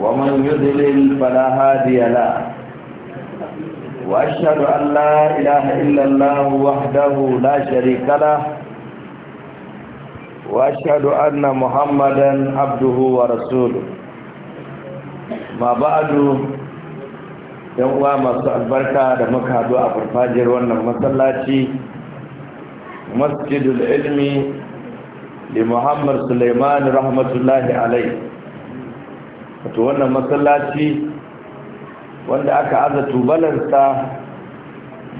ومن يضلل فلا هادي له وأشهد أن لا إله إلا الله وحده لا شريك له وأشهد أن محمدا عبده ورسوله ما بعد yan uwa masu albarka da muka haɗu a farfajiyar wannan masallaci masjidul ilmi li muhammad suleiman rahmatullahi alai wato wannan masallaci wanda aka aza tubalarsa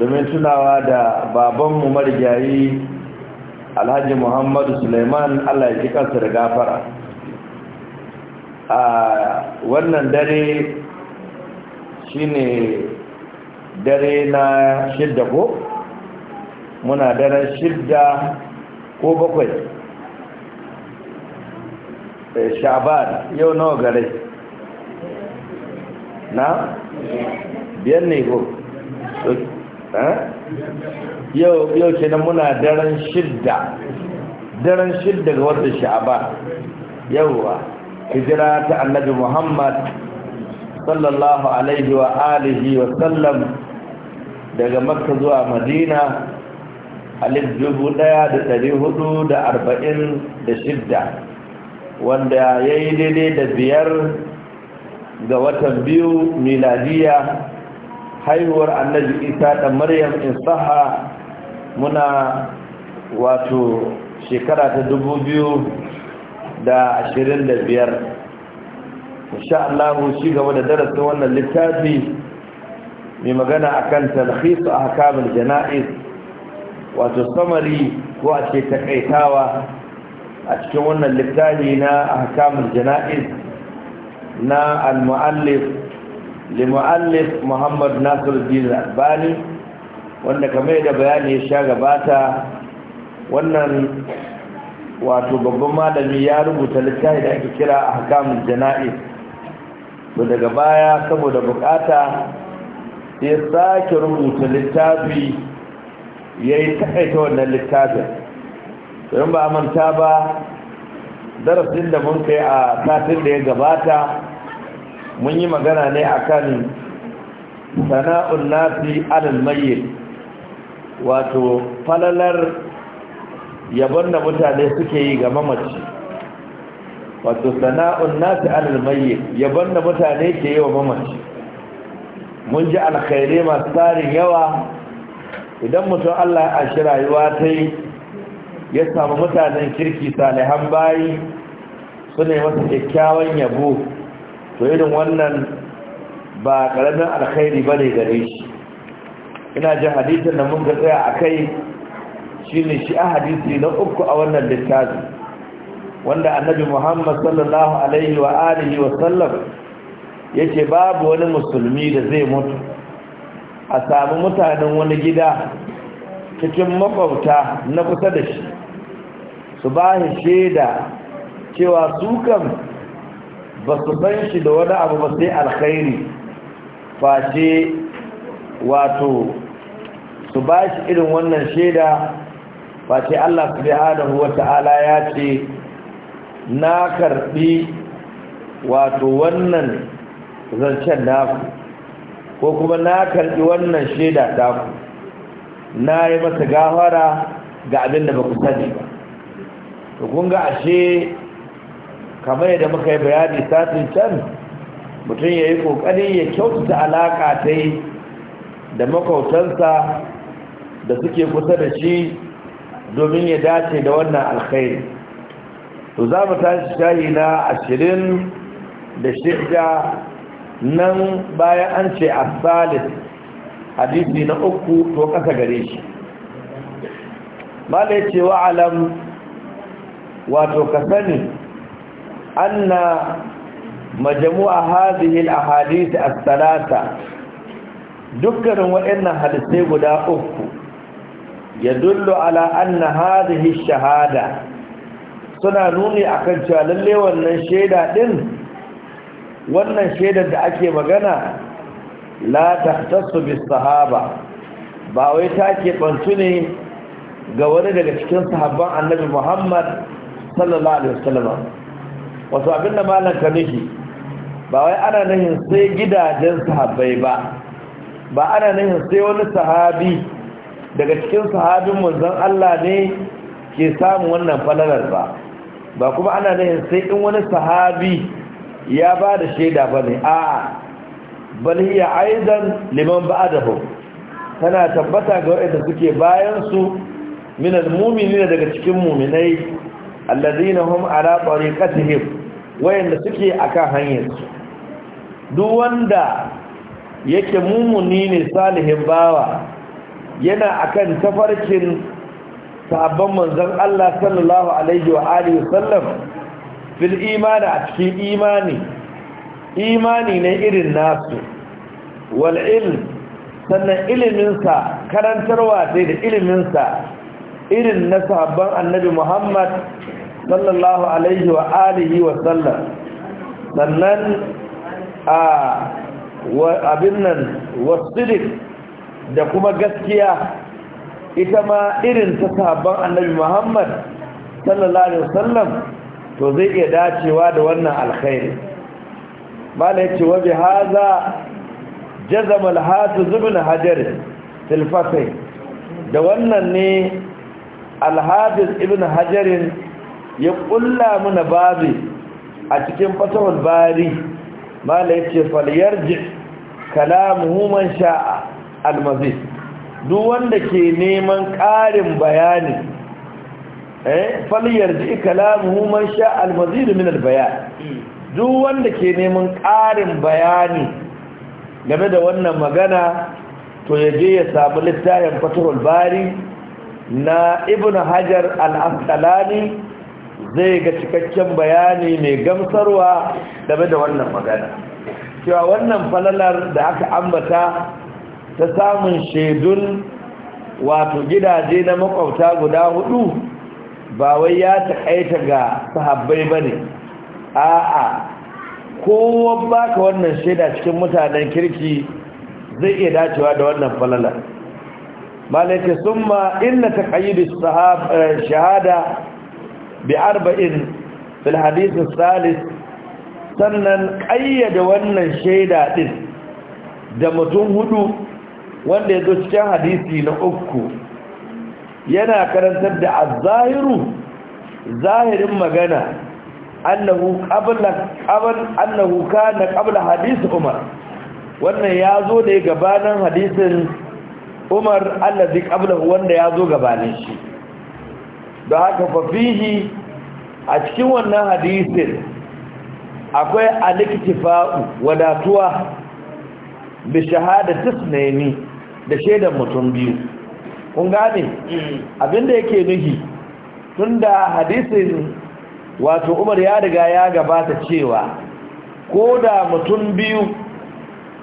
domin tunawa da babanmu marigayi alhaji muhammadu suleiman allah ya ji da gafara a wannan dare shine dare na shidda ko muna daren shidda ko bakwai eh, shaban yau nawa gare na biyan ne ko yau yau kenan muna daren shidda daren shidda ga wata sha'aba yauwa hijira ta annabi muhammad sallallahu alaihi wa alihi wa sallam daga makka zuwa madina alif dubu daya da dari hudu da arba'in da shidda wanda ya yi daidai da biyar ga watan biyu miladiya haihuwar annabi isa da maryam in saha muna wato shekara ta dubu biyu da ashirin da biyar insha Allah shi gaba da darasin wannan littafi mai magana akan talhisu a hakamin jana'iz wato samari ko a ce takaitawa a cikin wannan littafi na hakamin jana'iz na al-mu'allif muhammad muhammad nasiruddin albani wanda kamar da bayani ya sha gabata wannan wato babban malami ya rubuta littafi da ake kira ahkamul jana'iz to daga baya saboda bukata ya sake rubuta littafi yayi takaita wannan littafin don ba manta ba darasin da mun kai a satin da ya gabata mun yi magana ne a kan sana'un nasi alal mayyit wato falalar yabon da mutane suke yi ga mamaci wato sana'un nasi alal mayyit yabon da mutane ke yi wa mamaci mun ji alkhairai masu tarin yawa idan mutum Allah ya ashi rayuwa ta yi ya samu mutanen kirki salihan bayi su ne masa kyakkyawan yabo to irin wannan ba ƙaramin alkhairi ba ne gare shi ina jin hadisin da mun ga tsaya a kai shi ne shi a hadisi na uku a wannan littafi wanda annabi muhammad sallallahu alaihi wa alihi wa sallam ya ce babu wani musulmi da zai mutu a sami mutanen wani gida cikin makwabta na kusa da shi su ba shi shaida cewa su kan ba su ban shi da wani abu ba sai alkhairi face wato su ba shi irin wannan shaida face Allah subhanahu wata'ala ya ce na karbi wato wannan zancen naku ko kuma na karbi wannan shaida taku na yi masa gafara ga abin da ba ku sani ba to kun ga ashe kamar yadda muka yi bayani satin can mutum ya yi kokari ya kyautata alaƙa ta yi da makautansa da suke kusa da shi domin ya dace da wannan alkhairi to za mu tashi shahi na ashirin da shirya nan bayan an ce a salis hadisi na uku to kasa gare shi Ba da ya ce wato ka sani anna majmu'a hadhihi al-ahadith as-salasa dukkanin waɗannan hadisai guda uku yadullu ala anna hadhihi ash-shahada suna nuni akan cewa lalle wannan sheda din wannan shedar da ake magana la tahtassu bis sahaba ba wai take bantu ne ga wani daga cikin sahabban annabi Muhammad sallallahu alaihi wasallam wato abin da malam ka nufi ba wai ana nahin sai gidajen sahabbai ba ba ana nahin sai wani sahabi daga cikin sahabin manzon Allah ne ke samu wannan falalar ba ba kuma ana nahin sai in wani sahabi ya ba da shaida ba ne a balhiya aizan liman ba'adahu tana tabbata ga waɗanda suke bayan su minal mu'minina daga cikin muminai allazina hum ala tariqatihim wayanda suke akan hanyar su duk wanda yake mumuni ne salihin bawa yana akan tafarkin sahabban manzon Allah sallallahu alaihi wa alihi sallam fil imani a cikin imani imani ne irin nasu wal ilm sannan iliminsa karantarwa sai da iliminsa irin na sahabban annabi muhammad sallallahu alaihi wa alihi wa sallam sannan a abin nan wasidik da kuma gaskiya ita ma irin ta sahabban annabi muhammad sallallahu alaihi wa sallam to zai iya dacewa da wannan alkhairi mala yace wa bi hadha jazama al-hafiz ibn hajar tilfasai da wannan ne alhafiz ibn hajarin ya kulla mana babi a cikin fatawar bari mala ya ce falyarji kalamuhu man sha'a almazi duk wanda ke neman ƙarin bayani eh falyarji kalamuhu man sha'a almazi min albayan duk wanda ke neman ƙarin bayani game da wannan magana to ya je ya samu littafin fatawar bari na ibn hajar al-asqalani zai ga cikakken bayani mai gamsarwa game da wannan magana cewa wannan falalar da aka ambata ta samun shaidun wato gidaje na makwabta guda hudu ba wai ya taƙaita ga sahabbai ba ne a'a kowa baka wannan shaida cikin mutanen kirki zai iya dacewa da wannan falalar malaka summa inna taqayyid shahada bi arba'in fil hadith salis sannan ƙayyade wannan shaida ɗin da mutum hudu wanda yazo cikin hadisi na uku yana karantar da azahiru zahiru zahirin magana annahu qabla qabl annahu kana qabla hadith umar wannan yazo da gabanin hadisin umar allazi qablahu wanda ya zo gabanin shi da haka fa fihi a cikin wannan hadisin akwai aliktifa'u wadatuwa bi shahadati sunaini da shaidan mutum biyu kun gane abinda yake nuhi tunda hadisin wato umar ya riga ya gabata cewa ko da mutum biyu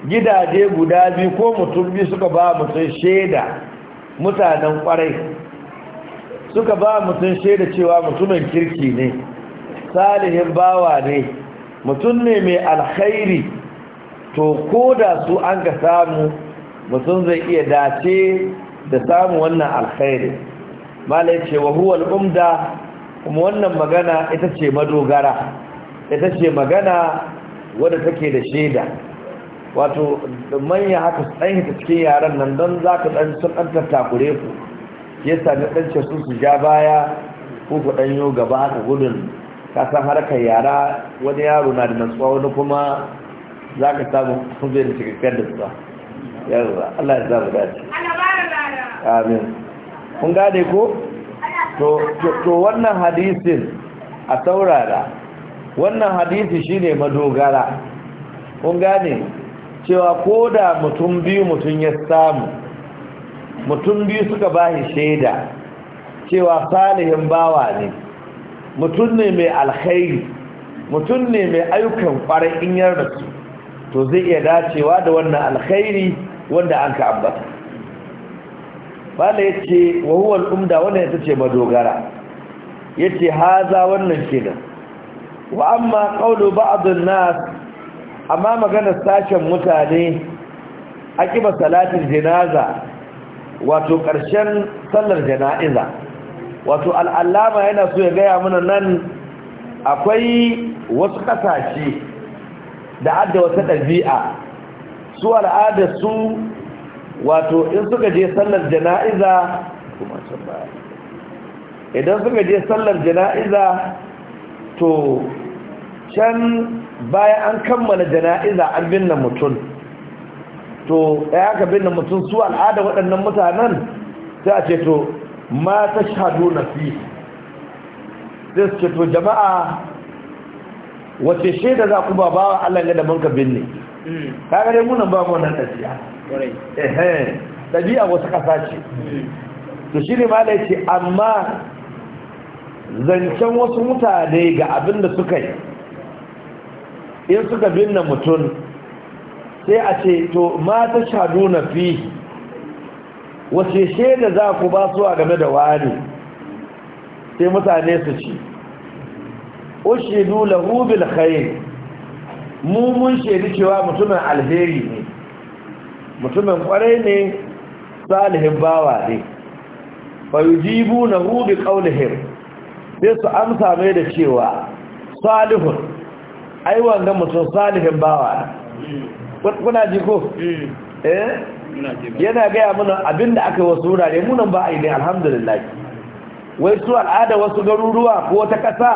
gidaje guda biyu ko mutum biyu suka ba mutum shaida mutanen kwarai suka ba mutum shaida cewa mutumin kirki ne salihin bawa ne mutum ne mai alkhairi to ko da su an ka samu mutum zai iya dace da samu wannan alkhairi ya ce wa huwa umda kuma wannan magana ita ce madogara ita ce magana wadda take da shaida wato manya haka tsayin cikin yaran nan don za ka ɗan sun ɗan tattakure ku ya sami ɗan su su ja baya ko ku ɗan yi gaba haka gudun ka san harkar yara wani yaro na da nasuwa wani kuma za ka samu sun zai da cikakken da tsuwa ba Allah ya zama dace amin kun gane ko to wannan hadisin a saurara wannan hadisi shine madogara kun gane cewa ko da mutum biyu mutum ya samu mutum biyu suka shi shaida cewa salihin bawa ne mutum ne mai alkhairi mutum ne mai ayyukan kwarai in yarda su to zai iya dacewa da wannan alkhairi wanda an ka ambata bala ya ce wahuwar umda wanda ya ce madogara ya ce haza wannan shida wa amma qawlu ba'adun nas amma maganar sashen mutane akiba salatin janaza wato ƙarshen sallar jana'iza wato al'allama yana so ya gaya mana nan akwai wasu ƙasashe da adda wata ɗabi'a su al'ada su wato in suka je sallar jana'iza idan suka je sallar jana'iza to can baya an kammala jana'iza an binne mutum to ya aka binne mutum su al'ada waɗannan mutanen sai a ce to ma ta shahadu na fi sai su ce to jama'a wace shaida za ku ba bawa Allah ga da manka binne ta mm. dai munan ba wannan tafiya ɗabi'a wasu ƙasa ce mm. to shi ne ma da ce amma zancen wasu mutane ga abin da suka yi in suka binne mutum sai a ce to mata shadu na fi wace da za ku ba su a game da wani sai mutane su ci o shaidu lahubil khair mu shaidu cewa mutumin alheri ne mutumin kwarai ne salihin bawa ne fa yujibu na sai su amsa mai da cewa salihun ai wanga mutum salihin bawa kuna ji ko hmm. eh yana gaya mana abinda aka wasu wurare munan ba a yi ne alhamdulillah wai su al'ada wasu garuruwa ko ta ƙasa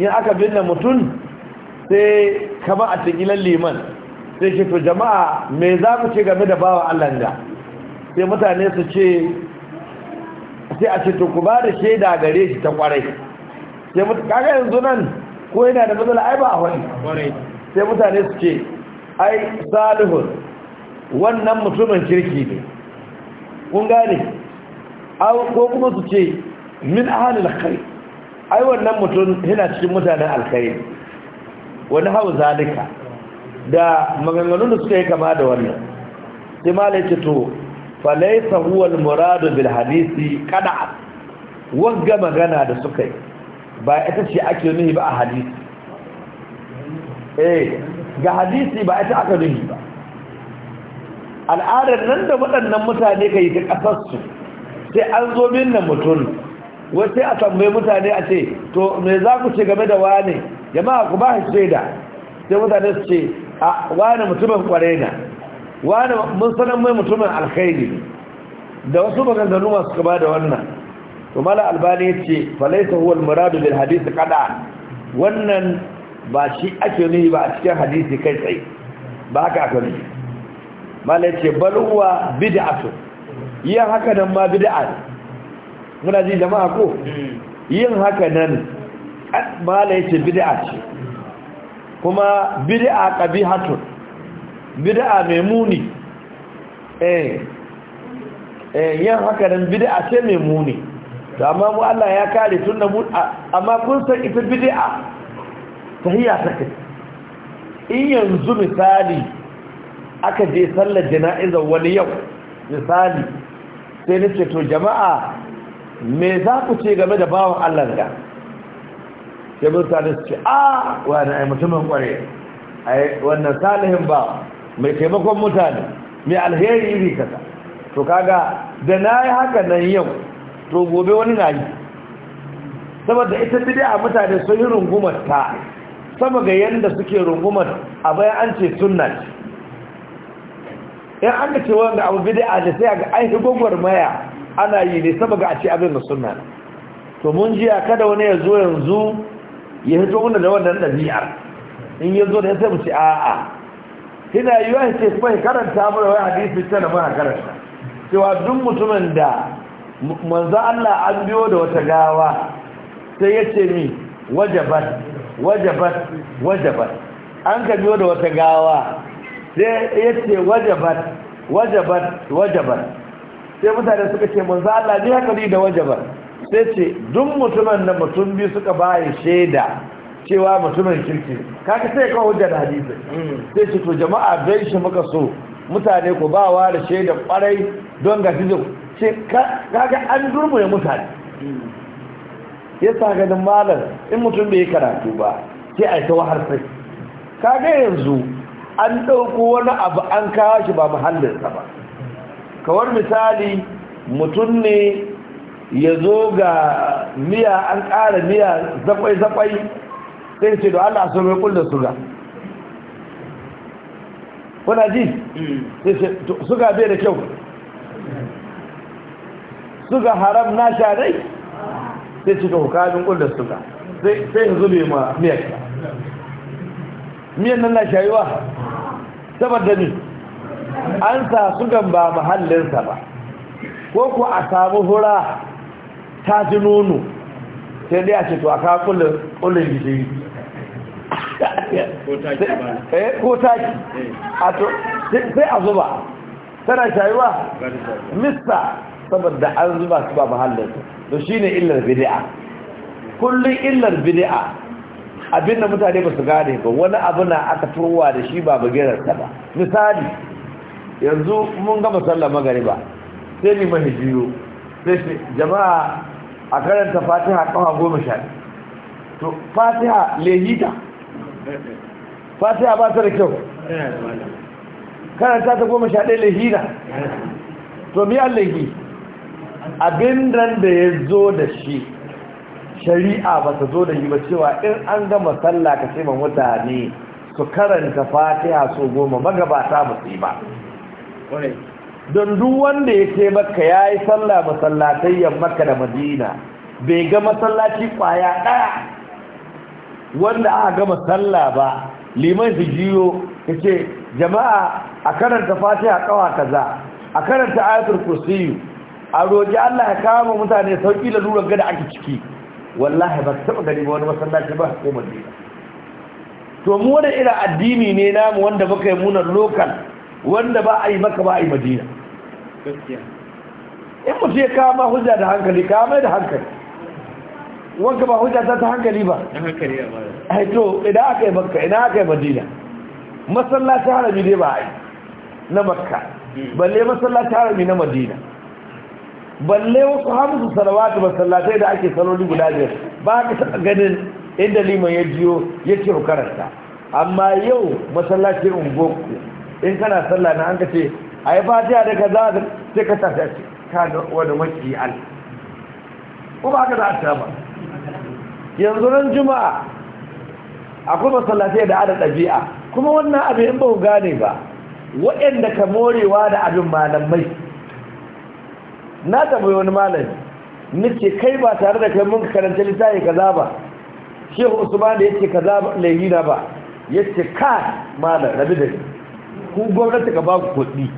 in aka binne mutum sai kama a tigilan liman sai ke to jama'a me za ku ce game da bawa Allah da sai mutane su ce sai a ce to ku ba da shaida gare shi ta kwarai sai mutu kaga yanzu nan ko yana da matsala ai ba a wani sai mutane su ce ai salihun wannan mutumin kirki ne kun gane ko kuma su ce min ahalil khair ai wannan mutum yana cikin mutanen alkhairi wani hau zalika da maganganun da suka yi kama da wannan sai malai ce to falaisa huwa muradu bil hadisi kada wagga magana da suka yi ba ita ce ake nuhi ba a hadisi eh ga hadisi ba ita aka nuhi ba al'adar nan da waɗannan mutane ka yi ta ƙasarsu sai an zo min na mutum wasu a tambayi mutane a ce to me za ku ce game da wane yamma ku ba shi shaida sai mutane su ce a wane mutumin kwarai na wane mun sanar mai mutumin alkhairi da wasu maganganu masu kama da wannan to mala albani yace falaysa huwa almuradu bil hadith qada wannan ba shi ake nuhi ba a cikin hadisi kai tsaye ba haka aka nuhi mala yace bal huwa bid'atu yin haka nan ma bid'a muna ji jama'a ko yin haka nan mala yace bid'a ce kuma bid'a qabihatun bid'a mai muni eh eh yin haka nan bid'a ce mai muni da amma mu Allah ya kare tun da mu amma kun san ita bid'a tahiyya take in yanzu misali aka je sallar jana'izar wani yau misali sai nace to jama'a me za ku ce game da bawan Allah ga sai mutane su ce a wani ai mutumin kware ai wannan salihin ba mai taimakon mutane mai alheri ne kasa to kaga da na yi haka nan yau to gobe wani na yi saboda ita da mutane sun yi rungumar ta sama ga yadda suke rungumar a bayan an ce sunna ce in an ga cewa ga abu bid'a da sai ga aiki gogwar maya ana yi ne sama ga a ce abin da sunna to mun jiya kada wani ya zo yanzu ya hito mana da wannan biyar in ya zo da sai mu ce a'a kina yiwa ce kuma karanta mana wani hadisi ta da muka karanta cewa duk mutumin da manzo Allah an biyo da wata gawa sai yace ni wajabat wajabat wajabat an ka biyo da wata gawa sai yace ce wajabat wajabat wajabat sai mutane suka ce manzo Allah ji haka da wajabat sai ce duk mutumin da mutum biyu suka bayi shaida cewa mutumin kirki kaka sai kawo hujjar hadisi sai ce to jama'a bai shi muka so mutane ku ba wa da shaida kwarai don ga ce kaga an ya mutane ya sa ganin malar in mutum bai karatu ba sai a yi ta wahar sai kaga yanzu an ɗauko wani abu an kawo shi ba muhallinsa ba kawar misali mutum ne ya zo ga miya an ƙara miya zakwai-zakwai sai ce da allah su mai kulle suga kuna ji mm. suga bai da kyau suga haram na sha dai sai cika hukamin kullum suka sai zube ma miyar miyan nan na shayuwa saboda ni an sa sugan ba mahallinsa ba ko ku a samu hura ta ji nono sai dai a ce to a kawo kullum gishiri ko taki eh, eh. a sai a zuba tana shayuwa mista saboda an zuba su ba mahallin to shine illar bid'a Kullum illar bid'a abinda mutane ba su gane ba wani abu na aka furwa da shi ba bagirar ta ba misali yanzu mun gama sallar magariba sai ni jiyo sai jama'a a karanta fatiha kawa goma sha to fatiha lehita fatiha ba ta da kyau karanta ta goma sha ɗaya lehita to miyan lehi abin nan da ya zo da shi shari'a ba ta zo da yi ba cewa in an gama sallah ka ce ma mutane su karanta fatiha so goma magabata ba yi ba don duk wanda ya ce maka ya yi sallah masallatai yammaka da madina bai ga masallaci kwaya ɗaya wanda aka gama sallah ba liman su jiyo ka ce jama'a a karanta fatiha kawa kaza a karanta ayatul kursiyu a roƙi Allah ya kama mutane sauƙi da lura gada ake ciki wallahi ba taɓa gari ba wani masallaci ba ko manne to mu wani irin addini ne namu wanda muka yi munar lokal wanda ba a yi maka ba a yi madina in mutu ya kama hujja da hankali kama da hankali wanka ba hujja ta ta hankali ba haito idan aka yi makka idan aka yi madina Masallaci harami dai ba a yi na makka hmm. balle masallaci harami na madina balle wasu hamsu salawatu masallatai da ake saloli guda biyar ba ka taɓa ganin inda liman ya jiyo ya ce karanta amma yau masallacin ungoku in kana sallah na an ka ce a yi fatiya da ka za ce ka ta ce wani maki al ko ba ka za a ta ba yanzu ran juma'a akwai masallatai da ada ɗabi'a kuma wannan abin ba ku gane ba waɗanda ka morewa da abin malamai na taɓa wani malami nace kai ba tare da kai mun karanta littafi kaza ba shehu usman da yace kaza ba ba yace ka malam rabi da ku gwamnati ka ba ku kuɗi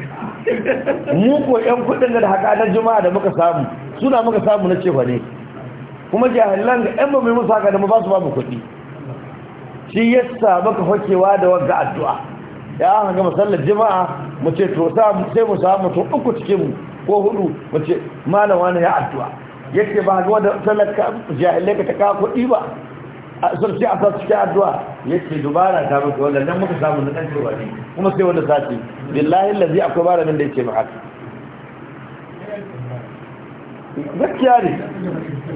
mu ko ƴan kuɗin da haka na juma'a da muka samu suna muka samu na cewa ne kuma jahilan ga ƴan mai musa ka da mu ba su ba mu kuɗi shi yasa muka hokewa da wanga addu'a ya an ga masallar juma'a mu ce to sai mu samu to uku cikin mu ko hudu mace malam wani ya addu'a yake ba ga wanda talaka jahilai ka ta kawo kuɗi ba a sarki a sa cikin addu'a yake dubara ta muka wanda nan muka samu na ɗan wani ne kuma sai wanda sati billahi lazi akwai bara nan da yake ba haka gaskiya ne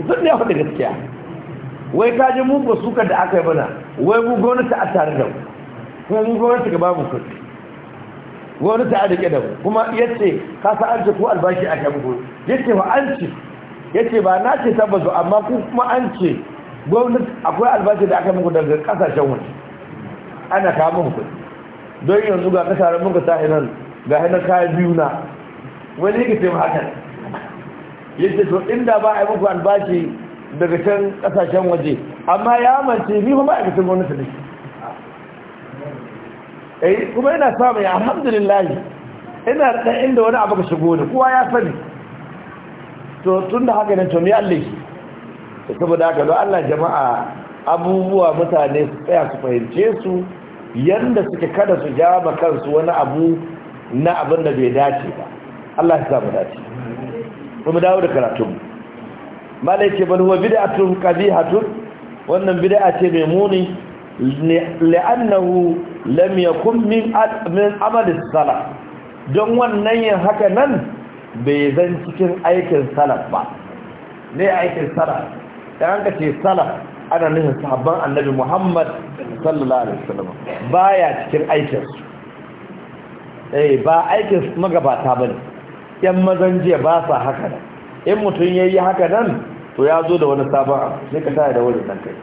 sun ne faɗi gaskiya wai ka ji mu ba suka da aka yi bana wai mu gwamnati a tare da mu kuma mu gwamnati ta ba mu kuɗi gwamnati ta rike da kuma yace ka sa an ce ko albashi a kan gudu yace ba an ce yace ba na ce tabbazu amma ku kuma an ce gwamnati akwai albashi da aka muku daga kasashen waje ana kawo muku don yanzu ga kasashen muka sa hinan ga hinan kayan biyu na wani yake ce haka yace to inda ba a yi muku albashi daga can kasashen waje amma ya mance ni ba ma'aikatan gwamnati ne eh kuma ina samu ya alhamdulillah ina da inda wani abu ka shigo da kowa ya sani to tun da haka ne to me Allah shi saboda haka don Allah jama'a abubuwa mutane su tsaya su fahimce su yanda suke kada su ja ba kansu wani abu na abin da bai dace ba Allah ya samu dace kuma dawo da karatu malai ce bal huwa bid'atun qabihatun wannan bid'a ce mai muni li'annahu lam yakun min amal salaf don wannan yin haka nan bai zan cikin aikin salat ba ne aikin salat dan ka ce salat ana nufin sahabban annabi Muhammad sallallahu alaihi wasallam baya cikin aikin eh ba aikin magabata bane yan mazan jiya ba sa haka nan in mutun yayi haka nan to ya zo da wani sabon sai ka tada da wani dan kai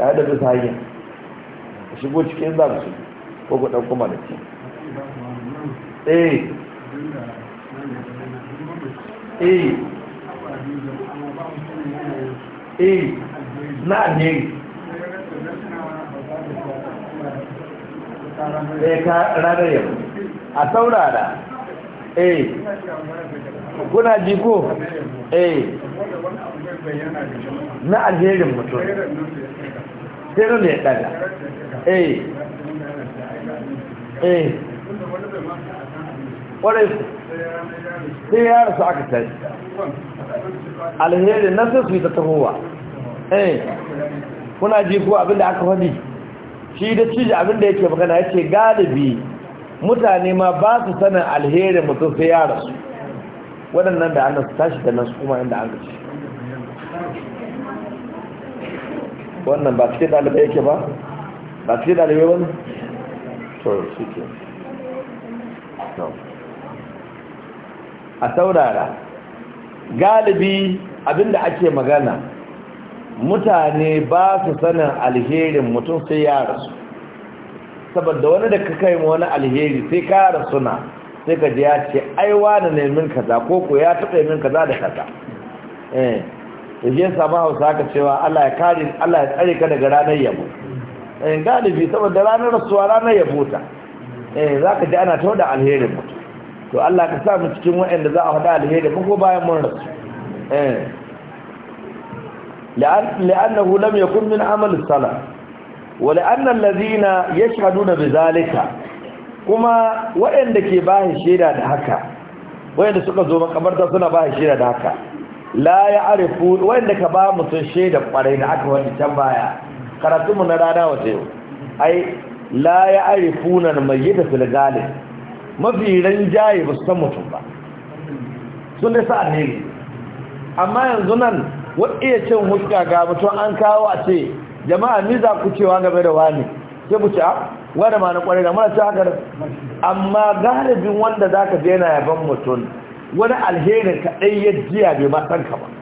ka da bisa hanya ku shigo cikin za ku shigo ko ku da malaki eh eh eh na alheri eh ka rana yau a saurara eh kuna jiko eh na alherin mutum sai ne ya daga eh eh kwarai sai ya rasu aka tashi alheri na sai su yi ta tahowa eh kuna ji ko abinda aka faɗi shi da cije abinda yake magana ya ce galibi mutane ma ba su sanin alheri mutum sai ya rasu waɗannan da an su tashi da nan su kuma inda an gaci wannan ba cikin ɗalibai yake ba ba ce da to a saurara galibi abinda ake magana mutane ba su sanin alherin mutum sai ya rasu saboda wani da ka kai wani alheri sai ka suna sai ka ji ya ce aiwa da nemin kaza ko ko ya taɓa min kaza da kaza eh da samu hausa ka cewa Allah ya kare Allah ya tsare ka daga ranar yabo in eh, galibi saboda ranar rasuwa ranar ya bota eh za ka ji ana tauda alheri mutum to Allah ka sa mu cikin waɗanda za a faɗa alheri mu ko bayan mun rasu eh lam yakun min amali sala wa la'anna allazina yashhaduna bizalika kuma waɗanda ke bayan sheda da haka waɗanda suka zo makabarta suna bayan sheda da haka la ya arifu waɗanda ka ba mutum shaida kwarai da aka wani can baya mu na rana wace yau ai la ya arifuna mai yi da filgalin mafi ran ba su san mutum ba sun da sa ne amma yanzu nan wa iya cin huska ga mutum an kawo a ce jama'a ni za ku cewa game da wani sai ku ce a ah, wani ma na kwarai da mara cewa haka amma galibin wanda zaka ka daina yaban mutum wani alherin kaɗai ya jiya bai ma san ka ba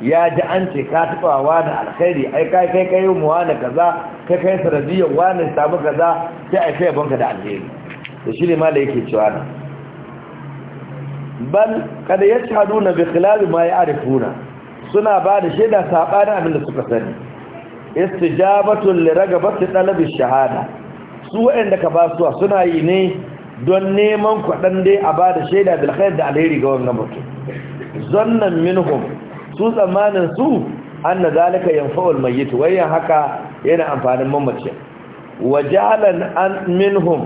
ya ji an ce ka taɓa wa da alkhairi ai kai kai kai mu wani kaza kai kai wa wani samu kaza sai ai sai banka da alheri da shi ne ma da yake cewa na bal kada ya shahadu na bi khilal ma ya arifuna suna ba da shaida sabanin abin da suka sani istijabatu li ragabati talabi shahada su wa'anda ka ba su suna yi ne don neman kwaɗan dai a ba da shaida khair da alheri ga wannan mutum zannan minhum su tsammanin su anna zalika yanfa'ul mayyit wayan haka yana amfanin mamace wajalan an minhum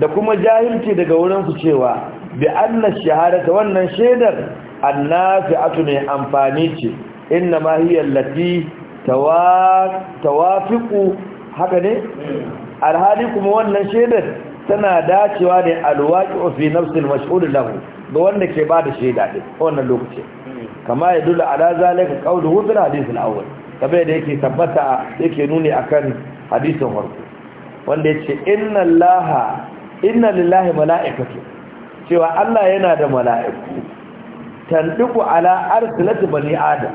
da kuma jahilci daga wurin su cewa bi anna shahadata wannan shedar annafi'atu ne amfani ce inna ma hiya allati tawafiqu haka ne alhali kuma wannan shaidar tana dacewa ne alwaqi fi nafsil mashhud lahu ga wanda ke ba da shaida din wannan lokacin kama ya dula ala zalika qawluhu fil hadith al-awwal kamar da yake tabbata yake nuni akan hadisin farko wanda ya inna allaha inna lillahi mala'ikatu cewa Allah yana da mala'iku tanduku ala arsilati bani adam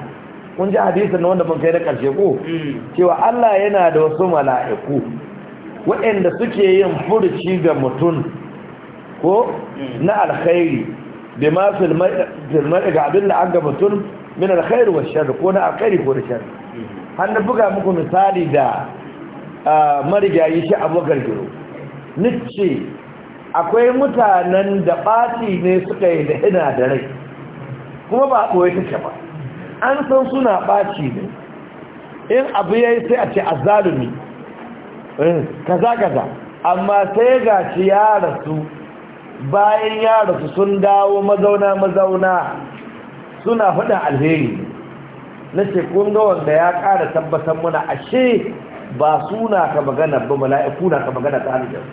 kun ji na wanda mun kai na karshe ko mm. cewa Allah yana da wasu mala'iku waɗanda suke yin furuci ga mutum ko mm. na alkhairi bima filmai ga abin da an ga mutum min alkhairu wa shar ko na alkhairi ko da shar har na buga muku misali da marigayi shi abokar giro nice akwai mutanen da ɓaci ne suka yi da ina da rai kuma ba a ɓoye take ba an san suna ɓaci ne in abu ya yi sai a ce azalumi kaza kaza amma sai ga ci ya rasu bayan ya rasu sun dawo mazauna mazauna suna faɗin alheri na ce kun ga wanda ya ƙara tabbatar muna ashe ba suna ka magana ba mala'iku na ka magana ta hannun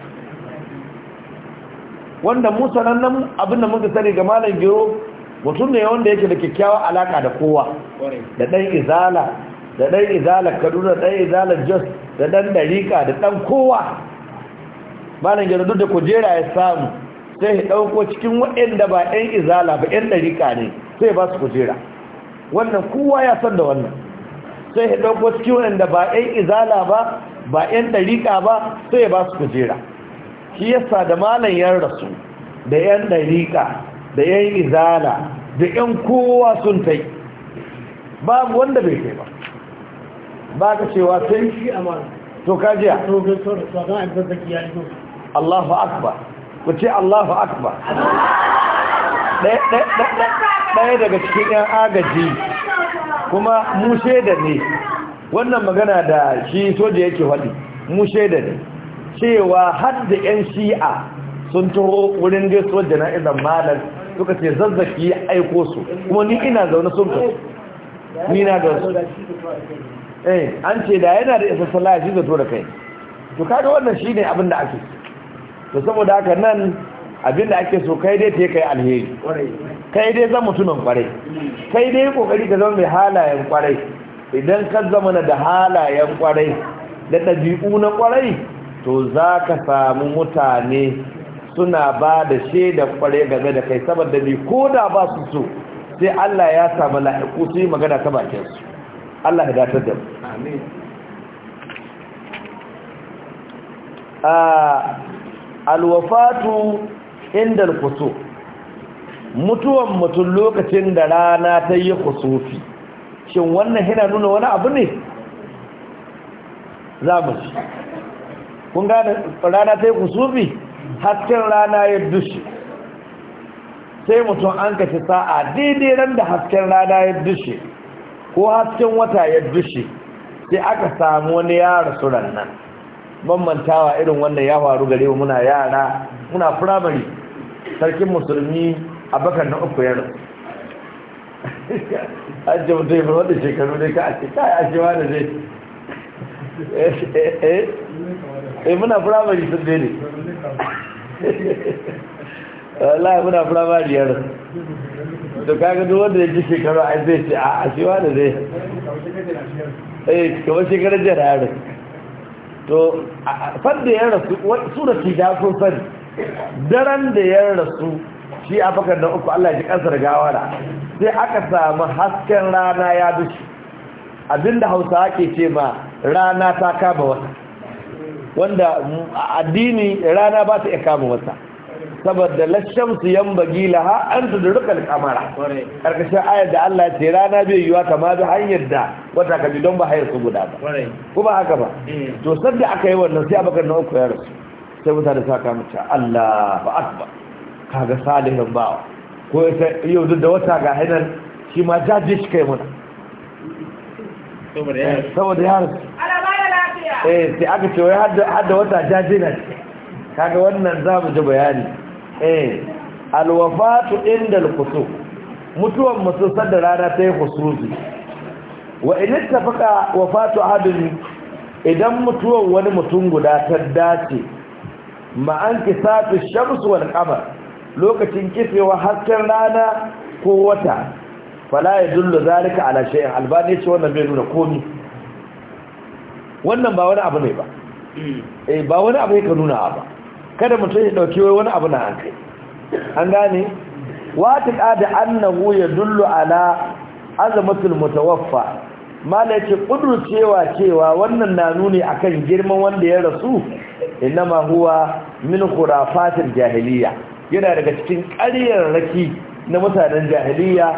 wanda musa nan nan abinda muka sani ga malam gero mutum ne wanda yake da kyakkyawa alaka da kowa da dan izala da dan izala kaduna dan izala jos da dan dariƙa da dan kowa malam gero duk da kujera ya samu sai ya ɗauko cikin waɗanda ba ɗan izala ba ɗan ɗarika ne sai ba su kujera wannan kowa ya san da wannan sai ya ɗauko cikin waɗanda ba ɗan izala ba ba ɗan ɗarika ba sai ba su kujera shi yasa da malam yan rasu da ɗan ɗarika da ɗan izala da ɗan kowa sun tai babu wanda bai kai ba ba ka cewa sai shi amana to kajiya to ga sauran tsakan ya yi Allahu akbar ku ce Allahu akbar ɗaya daga cikin 'yan agaji kuma mu shaida ne wannan magana da shi soja yake faɗi mu shaida ne cewa hadda 'yan shi'a sun turo wurin gaisuwar jana'izar malar suka ce zazzaki ya aiko su kuma ni ina zaune sun ka ni na ga su eh, an ce da yana da isa salaya shi zato da kai to kaga wannan ne abin da ake to saboda haka nan abin da ake so kai dai ta kai alheri kai dai zan mutumin kwarai kai dai kokari ka zama mai halayen kwarai idan ka zama da halayen kwarai da ɗabi'u na kwarai to za ka samu mutane suna ba da shaidar kwarai game da kai saboda ni ko da ba su so sai Allah ya samu la'iku su yi magana ta bakinsu Allah ya datar da mu amin ah, alwafatu inda alkusu mutuwan mutum lokacin da rana ta yi kusufi shin wannan yana nuna wani abu ne za mu kun gane rana ta yi kusufi hasken rana ya dushe sai mutum an kace sa'a daidai ran da hasken rana ya dushe ko hasken wata ya dushe sai aka samu wani yaro su nan bambantawa irin wannan ya faru gare mu muna yara muna primary sarkin musulmi a abakar na uku yaro an ji mutum ya wadda shekaru ne ka a ce kai a shewa da zai eh, eh, eh muna primary sun dai ne wallahi muna primary yaro da kaga duk wanda ya ji shekaru a zai ce a shewa da zai eh kamar shekarar jihar yaro to fadda ya rasu su da tida sun sani daren da ya rasu shi a fakar da uku Allah ji kasar gawara sai aka samu hasken rana ya dushi abinda hausa ake ce ma rana ta kama wata wanda mm, addini rana ba ta iya kama wata saboda su yan bagi laha an tudurukal kamara karkashin ayar da Allah ce rana bai yiwa kama bi hanyar da wata kaji don ba hayar su guda ba kuma ba haka ba eh. to sadda aka yi wannan sai abakar na uku ya rasu sai mutane da kama mace Allah ba akba kaga salihin bawa ko yau duk da wata ga hainan shi ma jaje shi kai muna saboda ya rasu eh sai aka ce wai har da wata jaje na kaga wannan za mu ji bayani eh alwafatu inda alqusu mutuwan mususar da rana ta yi wa in ittafaqa wafatu ahadin idan mutuwan wani mutum guda ta dace ma an kisatu shamsu wal qamar lokacin kifewa hasken rana ko wata fala yadullu zalika ala shay'in albani ce wannan bai nuna komi wannan ba wani abu ne ba hmm. eh ba wani abu yake nuna ba kada mutum ya dauki wani abu na an kai an gane wata qada annahu yadullu ala azamatul mutawaffa mala kudur cewa cewa wannan na nuni akan girman wanda ya rasu inma huwa min khurafatil jahiliya yana daga cikin ƙaryar raki na mutanen jahiliya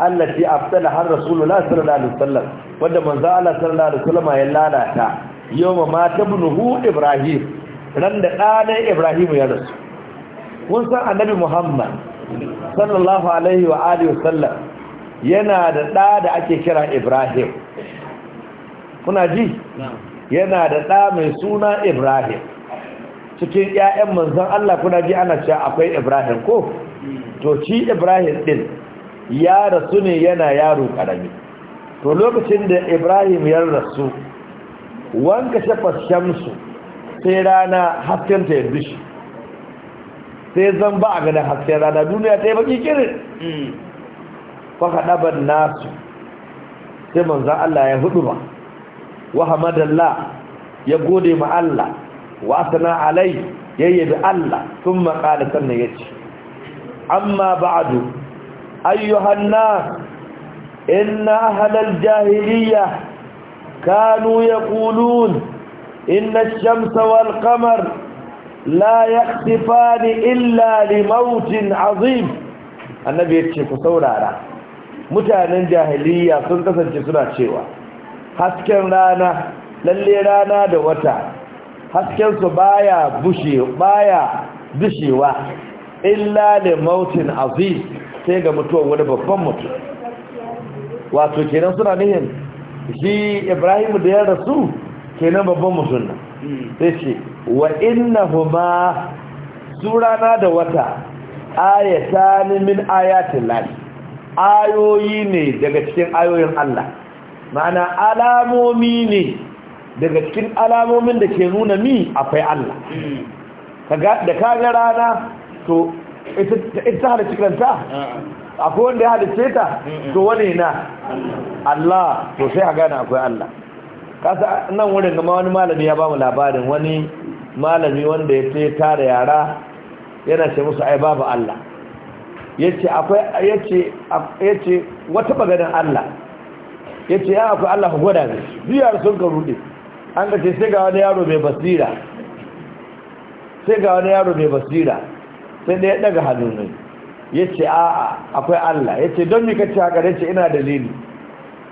allati aftala har rasulullahi sallallahu alaihi wasallam wanda manzo Allah sallallahu alaihi wasallam ya lalata yawma ma tabnuhu ibrahim ran da ɗanen ibrahimu ya rasu kun san annabi muhammad sallallahu alaihi wa alihi wasallam yana da ɗa da ake kira ibrahim kuna ji yana da ɗa mai suna ibrahim cikin 'ya'yan manzan allah kuna ji ana cewa akwai ibrahim ko to ci ibrahim ɗin ya rasu ne yana yaro ƙarami to lokacin da ibrahim ya rasu wanka shafas shamsu sai rana hasken ta yanzu shi sai zan ba a ganin hasken rana duniya ta yi baki kirin haɗa ɗaban nasu sai manzan Allah ya hudu ba wa hamadalla ya gode ma Allah wa asana alai yayyabi Allah sun maƙala sannan ya ce amma ba'adu ayyuhan nas na ahlal jahiliya kanu ya yaqulun إن الشمس والقمر لا يختفان إلا لموت عظيم النبي ku saurara. mutanen jahiliya sun kasance suna cewa hasken rana lalle rana da wata hasken su baya bushe baya dushewa illa mautin aziz sai ga mutuwar wani babban mutum wato kenan suna nihin shi Ibrahim da ya rasu kenan babban musulman sai ce wa inna huma rana da wata ayata min ayatin ayoyi ne daga cikin ayoyin Allah ma'ana alamomi ne daga cikin alamomin da ke nuna mi akwai Allah da kaga rana to ita hada cikanta akwai wanda ya hada ta to wane na Allah to sai a gane akwai Allah kasa nan wurin gama wani malami ya ba mu labarin wani malami wanda ya ce tara yara yana ce musu ai babu Allah yace akwai yace yace wata maganar Allah yace ya akwai Allah goda ne biyar sun ka rude an ga ce sai ga wani yaro mai basira sai ga wani yaro mai basira sai da ya daga hannu ne yace a'a akwai Allah yace don me kace haka yace ina dalili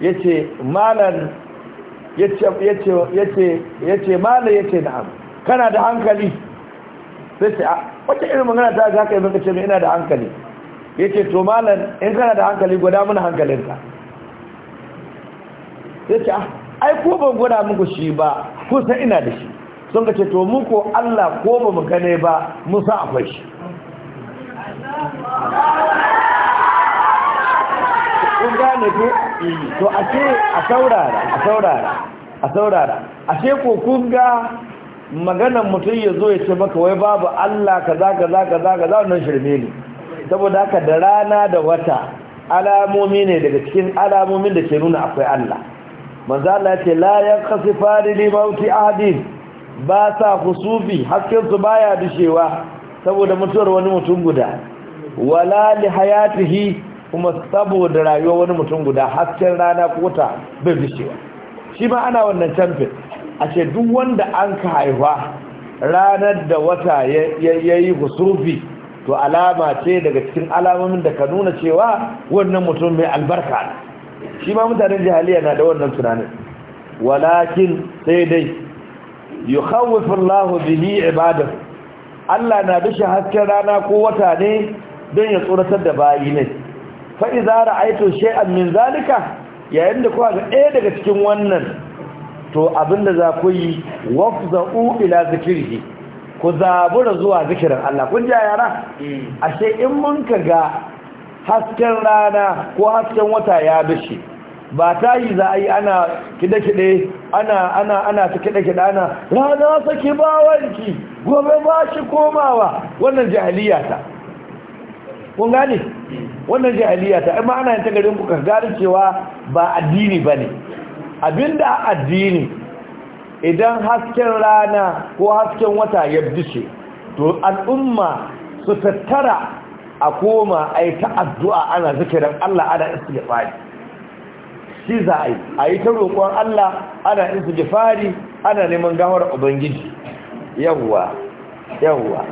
yace malan ya ce mala ya ce na'am kana da hankali sai ce a ah, wata irin magana ta zaka yi maka ce mai ina da hankali ya ce to malan in kana da hankali gwada mana hankalinka sai ce a ah, ai ko ban gwada muku shi ba kusa ina da shi sun ka ce to muku allah ko ba mu gane ba musa akwai shi kun gane ko to ashe a saurara a saurara a saurara ashe ko kun ga maganan mutum ya zo ya ce maka wai babu Allah kaza kaza kaza kaza wannan shirme ne saboda haka da rana da wata alamomi ne daga cikin alamomin da ke nuna akwai Allah manzo Allah ya ce la yanqasifani li mauti ahadin ba sa kusufi hakkin su baya dushewa saboda mutuwar wani mutum guda wala li hayatihi kuma saboda rayuwa wani mutum guda hasken rana ko wata bai bishewa shi ma ana wannan camfin a ce duk wanda an ka haifa ranar da wata ya yi husufi to alama ce daga cikin alamomin da ka nuna cewa wannan mutum mai albarka shi ma mutanen jihaliya na da wannan tunanin walakin sai dai yi hawifin bihi ibadahu Allah na dushe hasken rana ko wata ne don ya tsoratar da bayi ne fa idza ra'aytu shay'an min zalika yayin da kuka ga ɗaya daga cikin wannan to abinda za ku yi za'u ila zikrihi ku zabura zuwa zikirin Allah kun ji yara mm. ashe in mun ka ga hasken rana ko hasken wata ya bishi ba ta yi za a yi ana kide-kide ana ana ana ta kide-kide ana rana saki bawanki gobe ba shi komawa wannan jahiliya ta kun gane mm. wannan jahiliya ta amma ana yin ta garin kuka gari cewa ba addini bane abinda addini idan hasken rana ko hasken wata ya bishe to al'umma su tattara a koma a yi ta addu'a ana zikirin Allah ana istighfari shi za a yi ta roƙon Allah ana istighfari ana neman gawar ubangiji yawwa yawwa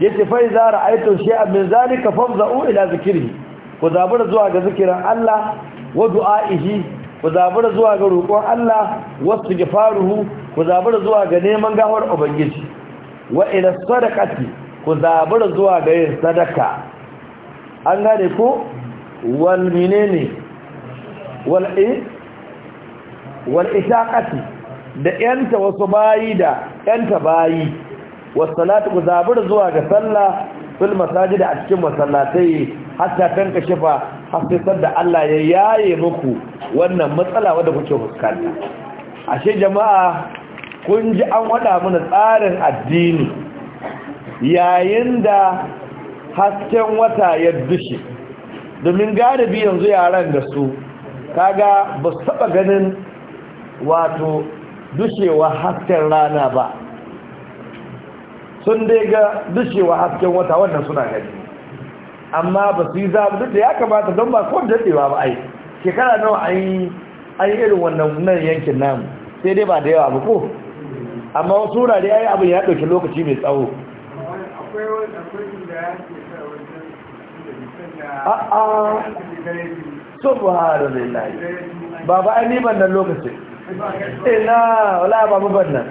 yace fa iza ra'aytu shay'an min zalika fafza'u ila zikrihi ku zabura zuwa ga zikirin Allah wa du'a'ihi ku zabura zuwa ga roƙon Allah wasu gifaruhu ku zabura zuwa ga neman gawar ubangiji wa ila sadaqati ku zabura zuwa ga yin sadaka an gane ku wal minene wal i wal itaqati da yanta wasu bayi da yanta bayi wasalatu ku zabur zuwa ga sallah fil masajid a cikin masallatai hatta tanka shifa har sai Allah ya yaye muku wannan matsala wanda kuke fuskanta ashe jama'a kun ji an wada mana tsarin addini yayin da hasken wata ya dushe domin galibi yanzu yaran da su kaga ba su taba ganin wato dushewa hasken rana ba sun dai ga dushewa hasken wata wannan suna gani amma ba su yi zaɓi duk da ya kamata don ba kowane daɗewa ba ai shekara nawa an yi irin wannan nan yankin namu sai dai ba da yawa ba ko amma wasu wurare ai abin ya ɗauki lokaci mai tsawo a'a ba baba ai ni ban nan lokacin ina wala babu ban nan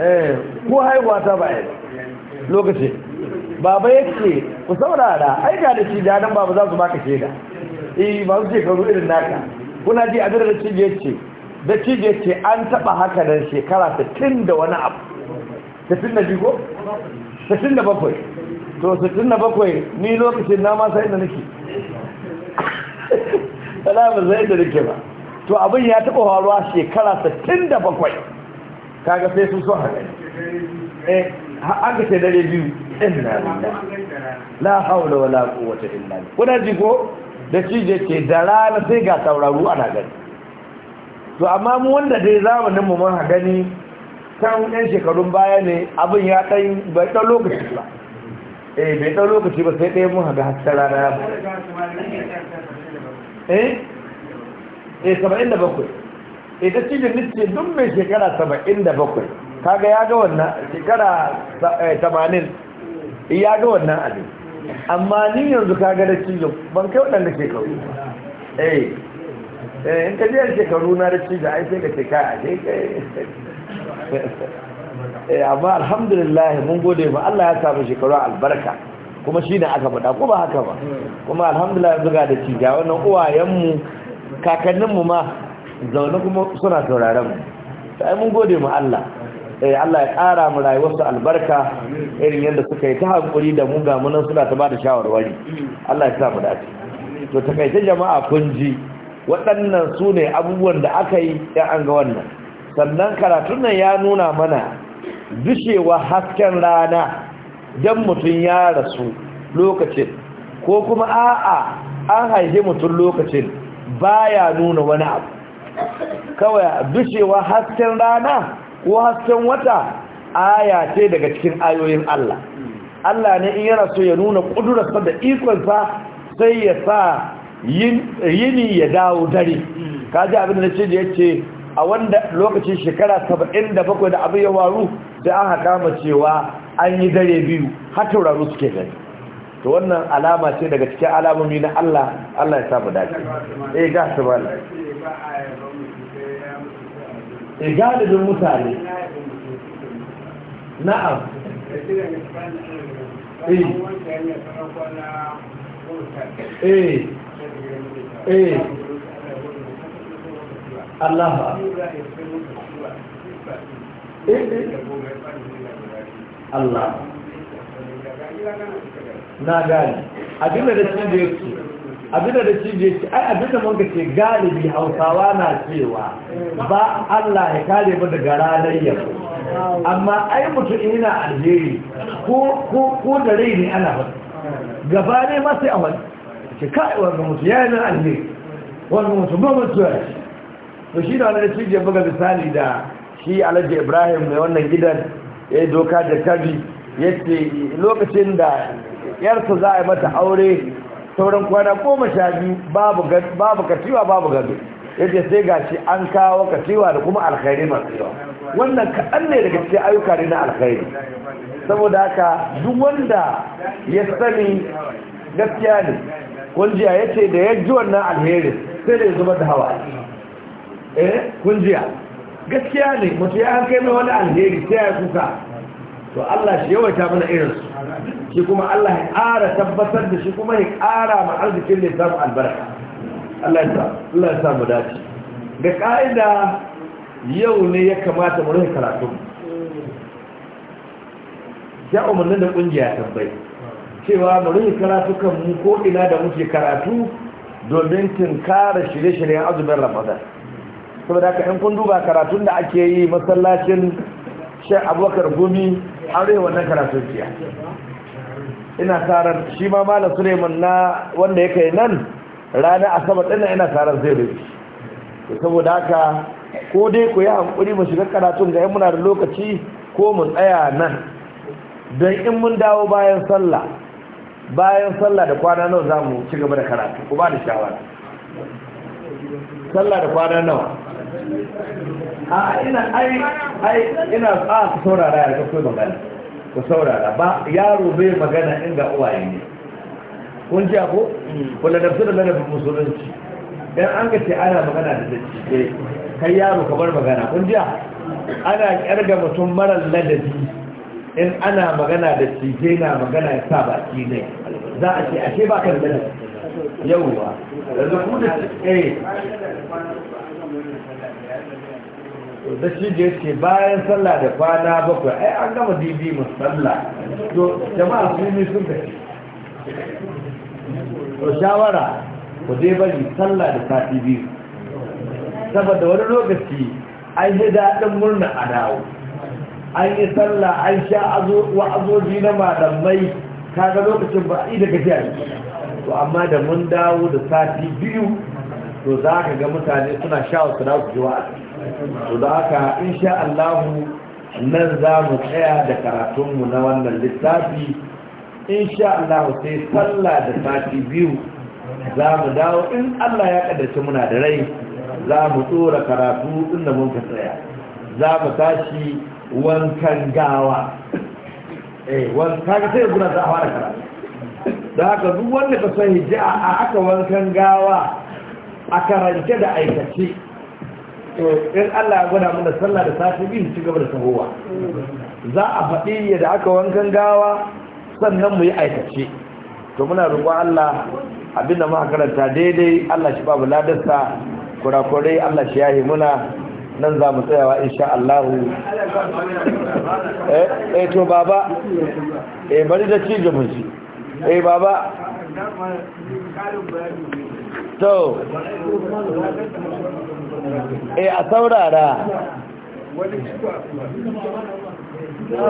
Eh, ko haihuwa ta baya lokaci baba yake ku saurara ai ga da shi da nan baba za su baka shaida eh ba su ce ka zo irin naka kuna ji abin da cije ce da cije ce an taba haka nan shekara 60 da wani abu 62 ko 67 to 67 ni lokacin na ma sai da nake ba zai da nake ba to abin ya taba faruwa shekara 67 kaga sai sun so haka eh an ga sai dare biyu inna lillahi la hawla wala quwwata illa billah kuna ji ko da shi je ce da rana sai ga sauraro ana gani to amma mu wanda dai zamanin mu mun gani kan ɗan shekarun baya ne abin ya ɗan, bai dan lokaci ba eh bai dan lokaci ba sai dai mun haga hasar rana eh eh 77 ita da nice duk mai shekara saba'in da bakwai kaga ya ga wannan shekara eh, tamanin ya ga wannan abin amma ni yanzu kaga da cikin ban kai waɗanda shekaru eh eh in ka jiyar shekaru na da cikin ai sai ka ce kai a eh amma alhamdulillah mun gode ma Allah ya samu shekaru albarka kuma shi ne aka faɗa ko ba haka ba hmm. kuma alhamdulillah yanzu ga da cikin wannan uwayenmu kakanninmu ma zaune kuma suna tauraron mu sai mun gode mu Allah eh Allah ya ƙara mu rayuwarsu albarka irin yadda suka yi ta hankuri da mu ga munan suna ta bada shawarwari Allah ya sa mu dace to takaice jama'a kun ji waɗannan su ne abubuwan da aka yi ɗan an ga wannan sannan karatun nan ya nuna mana dushewa hasken rana don mutum ya rasu lokacin ko kuma a'a an haife mutum lokacin baya nuna wani abu kawai bishewa hasken rana ko hasken wata aya ce daga cikin ayoyin Allah Allah ne in yana so ya nuna kudurarsa da ikonsa sai ya sa yini ya dawo dare kaji abin da ce da yace a wanda lokacin shekara 77 da abu ya waru sai an kama cewa an yi dare biyu har tauraro suke gani to wannan alama ce daga cikin alamomi na Allah Allah ya samu dace eh ga su e galibin mutane na'am eh eh Allah eh. Allah eh, eh. na gani abin da da cikin da yake abinda da shi ne ai abinda mun ga ce galibi hausawa na cewa ba Allah ya kare mu daga ranar yabo amma ai mutum ina aljeri ko ko ko da rai ne ana ba gaba ne ma sai a wani ce kai wannan mutum ya yana aljeri wannan mutum ba mutum ya ce to shi da wani shi ya buga misali da shi alhaji ibrahim mai wannan gidan ya doka da kabi yace lokacin da yarsa za a yi mata aure sauran kwana goma sha biyu babu katiwa babu gado yadda sai ga shi an kawo katiwa da kuma alkhairi masu yawa wannan kaɗan ne daga cikin ayyuka ne na alkhairi saboda haka duk wanda ya sani gaskiya ne kunjiya ya ce da ya ji wannan alheri sai da ya zuba da hawa eh kunjiya gaskiya ne mutu ya an kai mai wani alheri sai ya kusa to Allah shi yawaita mana irinsu shi kuma Allah ya ƙara tabbatar da shi kuma ya ƙara ma arzikin da ya samu albarka Allah ya samu dace da ƙa'ida yau ne ya kamata mu rufe karatu ya umarnin da ƙungiya tambayi cewa mu rufe karatu kan mu ko ina da muke karatu domin tinkara shirye-shiryen azumin ramadan saboda ka in kun duba karatun da ake yi masallacin shi abubakar gumi an rai wannan karatun ina tsarar shi ma malam suleiman na wanda ya kai nan ranar asabar ɗin ina tsarar zai rai saboda haka ko dai ku yi hankuri mu shiga karatun ga muna da lokaci ko mun tsaya nan don in mun dawo bayan sallah bayan sallah da kwana nawa za mu ci gaba da karatu ku ba da shawara sallah da kwana nawa a ina ai ai ina a ku saurara ya ga kuma magana ku saurara ba yaro bai magana in ga uwaye ne kun ji ko kula da su da ladabin musulunci dan an ga ce ana magana da dace kai yaro kamar magana kun ji ana kyarga mutum mara ladabi in ana magana da cije na magana ya sa baki ne za a ce ashe ba kan ladabi yauwa da zuku da eh da shi da yake bayan sallah da kwana bakwai ai an gama dibi mu sallah to jama'a su ne sun kace to shawara ku dai bari sallah da sati biyu saboda wani lokaci an yi daɗin murna a dawo an yi sallah an sha wa'azoji na malamai kaga lokacin ba a yi da to amma da mun dawo da sati biyu to za ka ga mutane suna sha wasu dawo ku ji wa'azi to da haka insha Allah nan za mu tsaya da karatunmu na wannan littafi insha Allah sai sallah da sati biyu za mu dawo in Allah ya kaddace muna da rai za mu tsora karatu inda mun ka tsaya za mu tashi wankan gawa eh wankan sai guna za a fara karatu da haka duk wanda ka san hijja a aka wankan gawa a karance da aikace in Allah ya gwada mana sallah da safe biyu ci gaba da sahowa za a faɗi yadda aka wankan gawa sannan mu yi aikace to muna roƙon Allah abinda muka karanta daidai Allah shi babu ladarsa kurakurai Allah shi yahi muna nan za mu tsayawa insha Allah eh eh to baba eh bari da ci gaba shi eh baba to eh a saurara